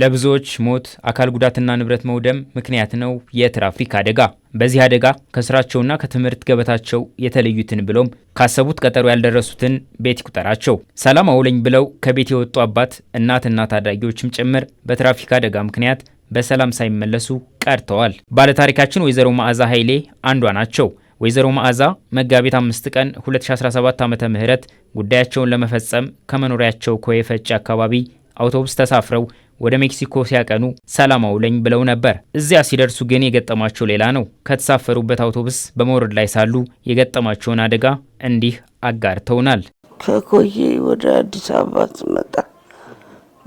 ለብዙዎች ሞት፣ አካል ጉዳትና ንብረት መውደም ምክንያት ነው የትራፊክ አደጋ። በዚህ አደጋ ከስራቸውና ከትምህርት ገበታቸው የተለዩትን ብሎም ካሰቡት ቀጠሮ ያልደረሱትን ቤት ይቁጠራቸው። ሰላም አውለኝ ብለው ከቤት የወጡ አባት እናትና ታዳጊዎችም ጭምር በትራፊክ አደጋ ምክንያት በሰላም ሳይመለሱ ቀርተዋል። ባለታሪካችን ወይዘሮ መዓዛ ኃይሌ አንዷ ናቸው። ወይዘሮ መዓዛ መጋቢት አምስት ቀን 2017 ዓ ም ጉዳያቸውን ለመፈጸም ከመኖሪያቸው ኮየፈጭ አካባቢ አውቶቡስ ተሳፍረው ወደ ሜክሲኮ ሲያቀኑ ሰላም አውለኝ ብለው ነበር። እዚያ ሲደርሱ ግን የገጠማቸው ሌላ ነው። ከተሳፈሩበት አውቶቡስ በመውረድ ላይ ሳሉ የገጠማቸውን አደጋ እንዲህ አጋርተውናል። ከኮዬ ወደ አዲስ አበባ ስመጣ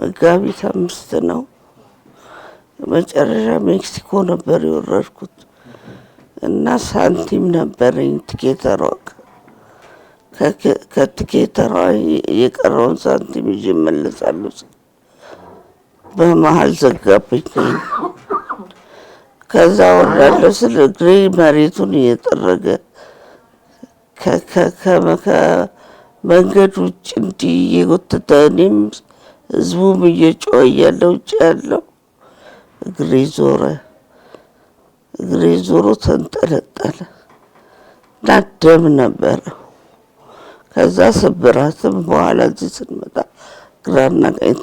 መጋቢት አምስት ነው። መጨረሻ ሜክሲኮ ነበር የወረድኩት እና ሳንቲም ነበረኝ ትኬተሯ ከትኬተሯ የቀረውን ሳንቲም ይዤ እመለሳለሁ በመሀል ዘጋብኝ። ከዛ ወዳለው ስል እግሬ መሬቱን እየጠረገ መንገድ ውጭ እንዲህ እየጎተተ እኔም ህዝቡም እየጮኸ እያለ ውጭ ያለው እግሬ ዞረ። እግሬ ዞሮ ተንጠለጠለ እና ደም ነበረው። ከዛ ስብራትም በኋላ እዚህ ስንመጣ ግራና ቀኝ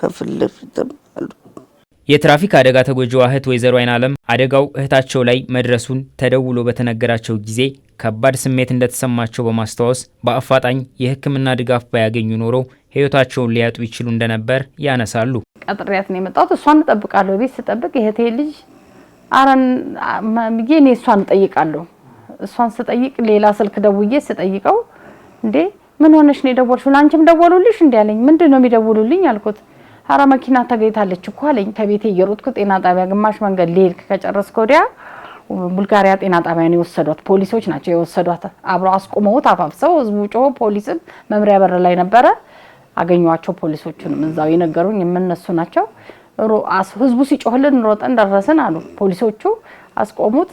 ከፊት ለፊትም አሉ። የትራፊክ አደጋ ተጎጂዋ እህት ወይዘሮ አይን አለም አደጋው እህታቸው ላይ መድረሱን ተደውሎ በተነገራቸው ጊዜ ከባድ ስሜት እንደተሰማቸው በማስታወስ በአፋጣኝ የሕክምና ድጋፍ ባያገኙ ኖሮ ህይወታቸውን ሊያጡ ይችሉ እንደነበር ያነሳሉ። ቀጥሪያት ነው የመጣሁት። እሷን እጠብቃለሁ። ቤት ስጠብቅ የእህቴ ልጅ አረን እኔ እሷን እጠይቃለሁ። እሷን ስጠይቅ ሌላ ስልክ ደውዬ ስጠይቀው እንዴ ምን ሆነሽ ነው የደወልሽው? ለአንቺም ደወሉልሽ እንዲ አለኝ። ምንድን ነው የሚደውሉልኝ አልኩት። አረ መኪና ተገኝታለች እኮ አለኝ። ከቤቴ እየሮጥኩ ጤና ጣቢያ ግማሽ መንገድ ልሄድ ከጨረስኩ ወዲያ ቡልጋሪያ ጤና ጣቢያ ነው የወሰዷት። ፖሊሶች ናቸው የወሰዷት። አብረው አስቆመውት አፋፍሰው፣ ህዝቡ ጮሆ፣ ፖሊስም መምሪያ በር ላይ ነበረ። አገኘኋቸው ፖሊሶቹንም እዛው የነገሩኝ የምነሱ ናቸው። ህዝቡ ሲጮህልን ሮጠን ደረስን አሉ ፖሊሶቹ። አስቆሙት።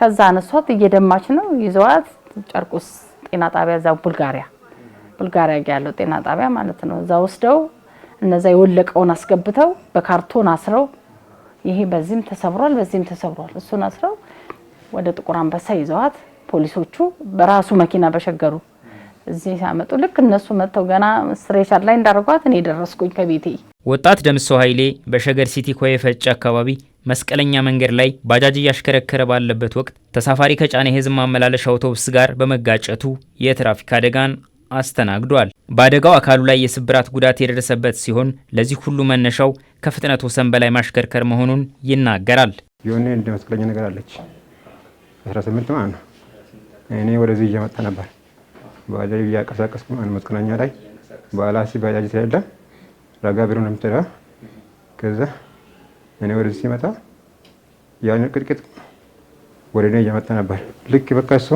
ከዛ አነሷት። እየደማች ነው ይዘዋት ጨርቁስ ጤና ጣቢያ እዛ ቡልጋሪያ ቡልጋሪያ ያለው ጤና ጣቢያ ማለት ነው። እዛ ወስደው እነዛ የወለቀውን አስገብተው በካርቶን አስረው ይሄ በዚህም ተሰብሯል፣ በዚህም ተሰብሯል። እሱን አስረው ወደ ጥቁር አንበሳ ይዘዋት ፖሊሶቹ በራሱ መኪና በሸገሩ እዚህ ሲያመጡ ልክ እነሱ መጥተው ገና ስትሬቸር ላይ እንዳደረጓት እኔ ደረስኩኝ ከቤቴ። ወጣት ደምሰው ኃይሌ በሸገር ሲቲ ኮዬ አካባቢ መስቀለኛ መንገድ ላይ ባጃጅ እያሽከረከረ ባለበት ወቅት ተሳፋሪ ከጫነ የህዝብ ማመላለሻ አውቶቡስ ጋር በመጋጨቱ የትራፊክ አደጋን አስተናግዷል። በአደጋው አካሉ ላይ የስብራት ጉዳት የደረሰበት ሲሆን ለዚህ ሁሉ መነሻው ከፍጥነት ወሰን በላይ ማሽከርከር መሆኑን ይናገራል። የሆነ እንደ መስቀለኛ ነገር አለች 18 ማለት ነው። እኔ ወደዚህ እየመጣ ነበር ባጃጅ እያቀሳቀስኩ ማለት መስቀለኛ ላይ በአላሲ ባጃጅ ስለሌለ ረጋ ቢሮ ነው የምትሄደው። ከዛ እኔ ወደዚህ ሲመጣ ያን ቅጥቅጥ ወደ እኔ እየመጣ ነበር። ልክ በቃ እሱ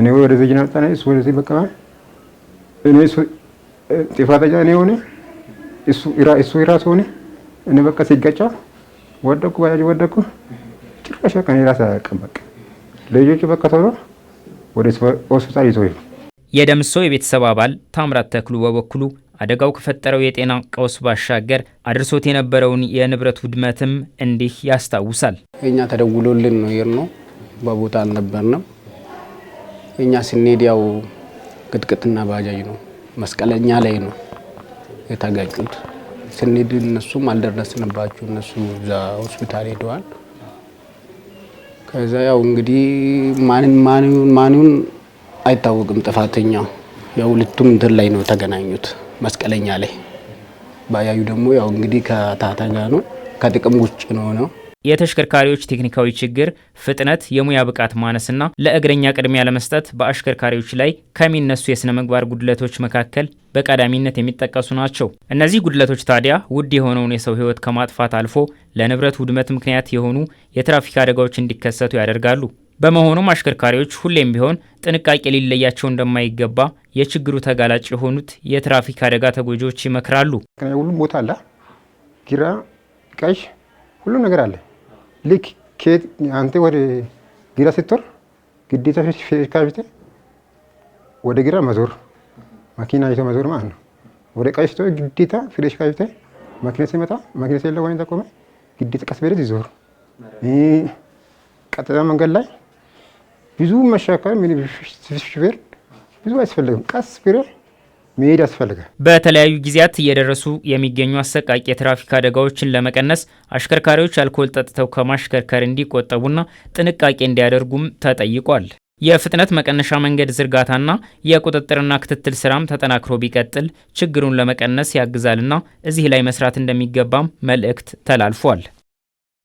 እኔ ወደዚህ እየመጣ ነው እሱ ወደዚህ በቃ እኔ ጥፋተኛ እኔ ሆነ እሱ ሆነ እኔ በቃ ወደኩ ባጃጅ ወደኩ። ጭራሽ በቃ እኔ አያውቅም። በቃ ልጆቹ በቃ ወደ ሆስፒታል ይዞ የቤተሰብ አባል ታምራት ተክሉ በበኩሉ አደጋው ከፈጠረው የጤና ቀውስ ባሻገር አድርሶት የነበረውን የንብረት ውድመትም እንዲህ ያስታውሳል። እኛ ተደውሎልን ነው የሄድነው፣ በቦታ አልነበርንም። እኛ ስንሄድ ያው ቅጥቅጥና ባጃጅ ነው መስቀለኛ ላይ ነው የተጋጩት። ስንሄድ እነሱም አልደረስንባቸው እነሱ እዛ ሆስፒታል ሄደዋል። ከዛ ያው እንግዲህ ማንን ማንን አይታወቅም ጥፋተኛው። ያው ሁለቱም እንትን ላይ ነው የተገናኙት መስቀለኛ ላይ። ባያዩ ደግሞ ያው እንግዲህ ከታታ ነው ከጥቅም ውጭ ነው ነው የተሽከርካሪዎች ቴክኒካዊ ችግር፣ ፍጥነት፣ የሙያ ብቃት ማነስና ለእግረኛ ቅድሚያ ለመስጠት በአሽከርካሪዎች ላይ ከሚነሱ የሥነ ምግባር ጉድለቶች መካከል በቀዳሚነት የሚጠቀሱ ናቸው። እነዚህ ጉድለቶች ታዲያ ውድ የሆነውን የሰው ሕይወት ከማጥፋት አልፎ ለንብረት ውድመት ምክንያት የሆኑ የትራፊክ አደጋዎች እንዲከሰቱ ያደርጋሉ። በመሆኑም አሽከርካሪዎች ሁሌም ቢሆን ጥንቃቄ ሊለያቸው እንደማይገባ የችግሩ ተጋላጭ የሆኑት የትራፊክ አደጋ ተጎጂዎች ይመክራሉ። ሁሉም ቦታ አለ፣ ጊራ፣ ቀሽ፣ ሁሉም ነገር አለ ልክ ከየት አንተ ወደ ግራ ስትወር ግዴታ ፌሽካ ወደ ግራ መዞር መኪና ይቶ መዞር ማለት ነው። ወደ ቀኝ ስትወር ግዴታ ፌሽካ ፊት መኪና ሲመጣ መኪና ሲለው ወይም ተቆመ ግዴታ ቀስ በደት ይዞር። ቀጥታ መንገድ ላይ ብዙ መሻከር ምን ሹፌር ብዙ አያስፈልግም። ቀስ ብለህ መሄድ ያስፈልጋል። በተለያዩ ጊዜያት እየደረሱ የሚገኙ አሰቃቂ የትራፊክ አደጋዎችን ለመቀነስ አሽከርካሪዎች አልኮል ጠጥተው ከማሽከርከር እንዲቆጠቡና ጥንቃቄ እንዲያደርጉም ተጠይቋል። የፍጥነት መቀነሻ መንገድ ዝርጋታና የቁጥጥርና ክትትል ስራም ተጠናክሮ ቢቀጥል ችግሩን ለመቀነስ ያግዛልና እዚህ ላይ መስራት እንደሚገባም መልእክት ተላልፏል።